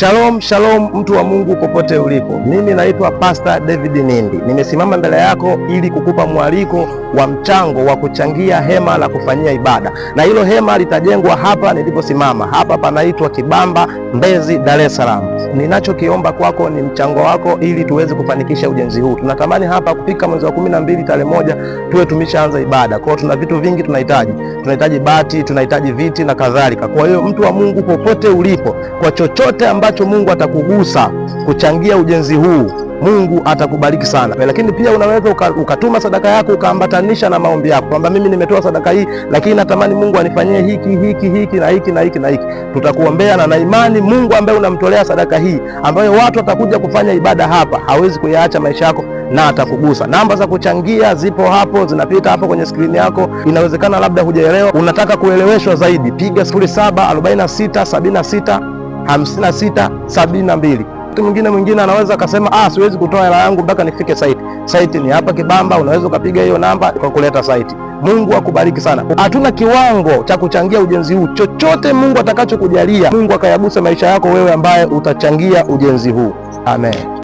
Shalom, shalom mtu wa Mungu popote ulipo. Mimi naitwa Pastor David Nindi. Nimesimama mbele yako ili kukupa mwaliko wa mchango wa kuchangia hema la kufanyia ibada. Na hilo hema litajengwa hapa niliposimama. Hapa panaitwa Kibamba, Mbezi, Dar es Salaam. Ninachokiomba kwako ni mchango wako ili tuweze kufanikisha ujenzi huu. Tunatamani hapa kufika mwezi wa 12 tarehe moja tuwe tumeshaanza ibada. Kwa hiyo tuna vitu vingi tunahitaji. Tunahitaji bati, tunahitaji viti na kadhalika. Kwa hiyo mtu wa Mungu popote ulipo kwa chochote ambacho ambacho Mungu atakugusa kuchangia ujenzi huu, Mungu atakubariki sana. Lakini pia unaweza ukatuma sadaka yako ukaambatanisha na maombi yako kwamba mimi nimetoa sadaka hii, lakini natamani Mungu anifanyie hiki hiki hiki na hiki na hiki na hiki. Tutakuombea na na imani Mungu ambaye unamtolea sadaka hii, ambayo watu watakuja kufanya ibada hapa, hawezi kuyaacha maisha yako na atakugusa. Namba za kuchangia zipo hapo, zinapita hapo kwenye skrini yako. Inawezekana labda hujaelewa, unataka kueleweshwa zaidi, piga 074676 56 Mtu mwingine mwingine anaweza akasema ah, siwezi kutoa hela yangu mpaka nifike site. Site ni hapa Kibamba, unaweza ukapiga hiyo namba kuleta site. Mungu akubariki sana. Hatuna kiwango cha kuchangia ujenzi huu. Chochote Mungu atakachokujalia, Mungu akayagusa maisha yako wewe ambaye utachangia ujenzi huu. Amen.